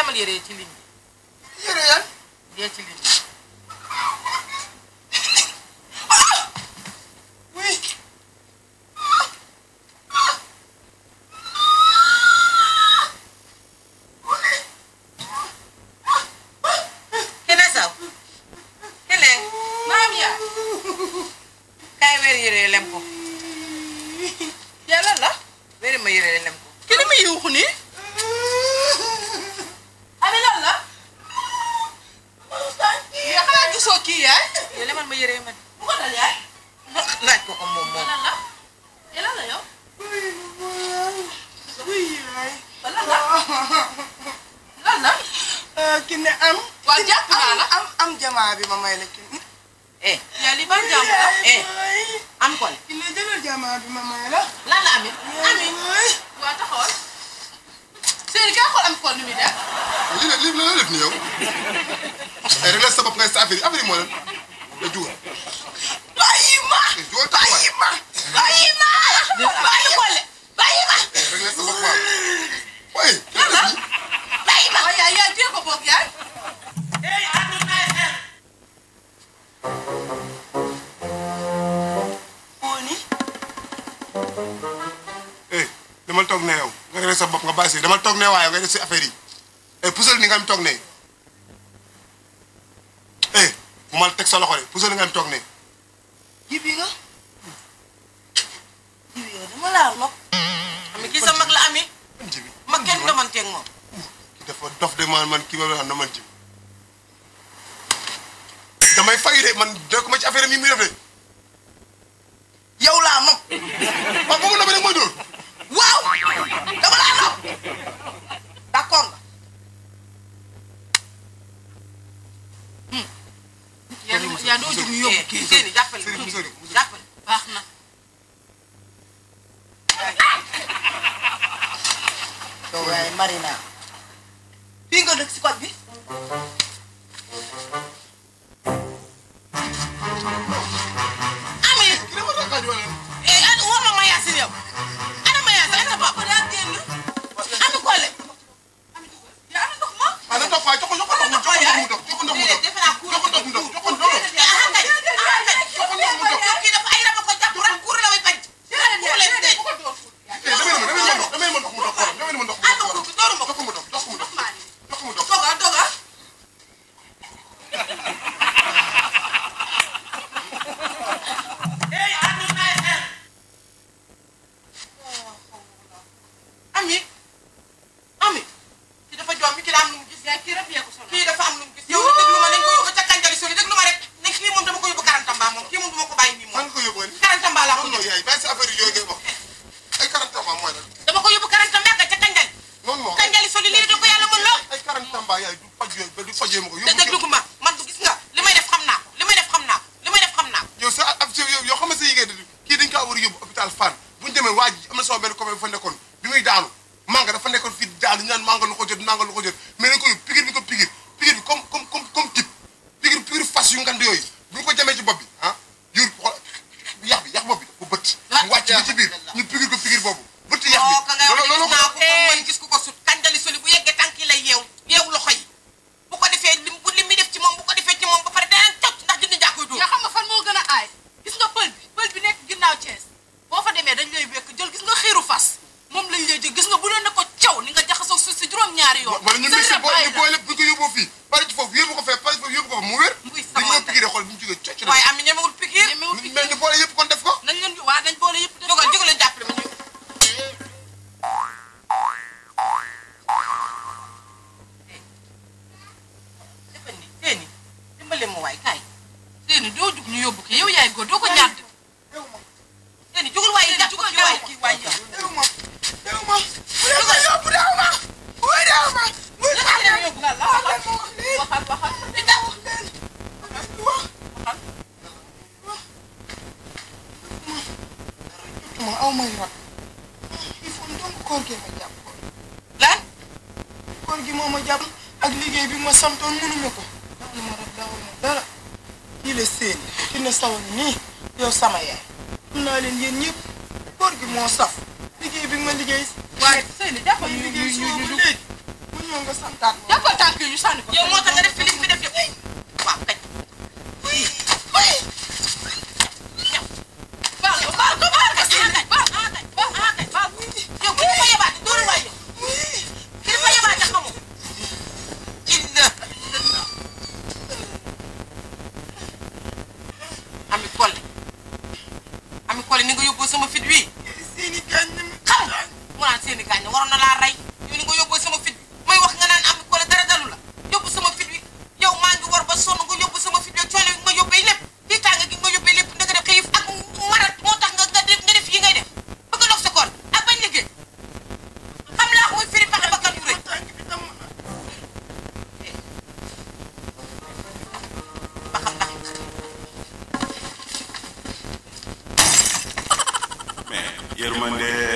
¿Qué es eso? ¿Qué qué bi. ¿qué yan. el ci ¿qué bi. yére lem ko la wéri ma yére lem moom. lan ki ne am. waaw jàpp am am jamaa bi ma may la ki. ne jëlal jamaa bi ma may la. lan la Ami. Ami waaw taxawal. Seydou kay xool am kon nu muy def. li li la ni yow. ay la sabab ngay sa affaire yi affaire yi moo bàyyi ma bàyyi ma bàyyi ma bàyyi ma bàyyi ma. bàyyi ma. ko boog yaay. moo ni. eh demal toog ne yow nga def sa bopp nga bàyyi si demal toog nee waaye nga def si affaire yi eh puusal ni nga am toog ne. eh bu eh, ma teg sa loxo de puusal ni nga am toog ne. jibi nga jibi yow dama laa nopp ami kii mag la ami jibi kenn damanteeg moom ki dafa dof de man man kii ma la man damay fay de man dëkk ma ci affaire mi muy def de yow laa yaa doo jóg ñu yóbbu kii jéeni jàppale jàppale baax kii dafa am lu mu gis yow déglu ma nañ ko yóbbu ca Kanjali Sori déglu ma rek ne kii moom dama ko yóbbu Karantamba moom kii moom dama ko bàyyi nii moom. ko yóbbu Karantamba laa ko yóbbu. yaay bàyyi sa affaire yooyu ngay wax ay Karantamba mooy lan. dama ko yóbbu Karantamba nga ca Kanjali. noonu moom Kanjali Sori lii da ko yàlla mën loo. ay Karantamba yaay du faj yooyu ba du fajee ma ko. yóbbu déglu ma man du gis nga li may def xam naa ko li may def xam naa ko li may def xam naa ko. yow sa ab yow xam nga sa yéegee kii dañ kaa war a yóbbu hôpital Fann bu ñu demee waa ji am na sama benn copain bu fa nekkoon bi muy daanu manga dafa nekkoon fii daanu ñaan manga lu ko jot manga lu ko jot mais dañ ko yóbbu ma waay kaay seeni doo jug ñu yóbbu ko yow yaay góor doo ko ñaar dëgg seeni jugul waaye jàpp ko yow kii waay yow déw ma déw ma déw ma yóbbu déw ma wuy déw ma wuy déw ma yóbbu la waxal waxal waxal waxal ma aw may rab il faut donc koor gi ma jàpp lan koor gi moo ma jàpp ak liggéey bi ma santoon mënuma ko dawuñu dara kii la seen kii na saw nii sama yaay naa leen yéen ñëpp góor gi moo saf liggéey bi ma liggéey waaye sëy na jàppal ñu ñu ñu ñu léegi mu ñëw nga santaat jàppal tànk ñu sànni ko sama fit wi. seeni gaañ la mu. xam nga mu naan seeni gaañ la waroon na laa rey. yërmande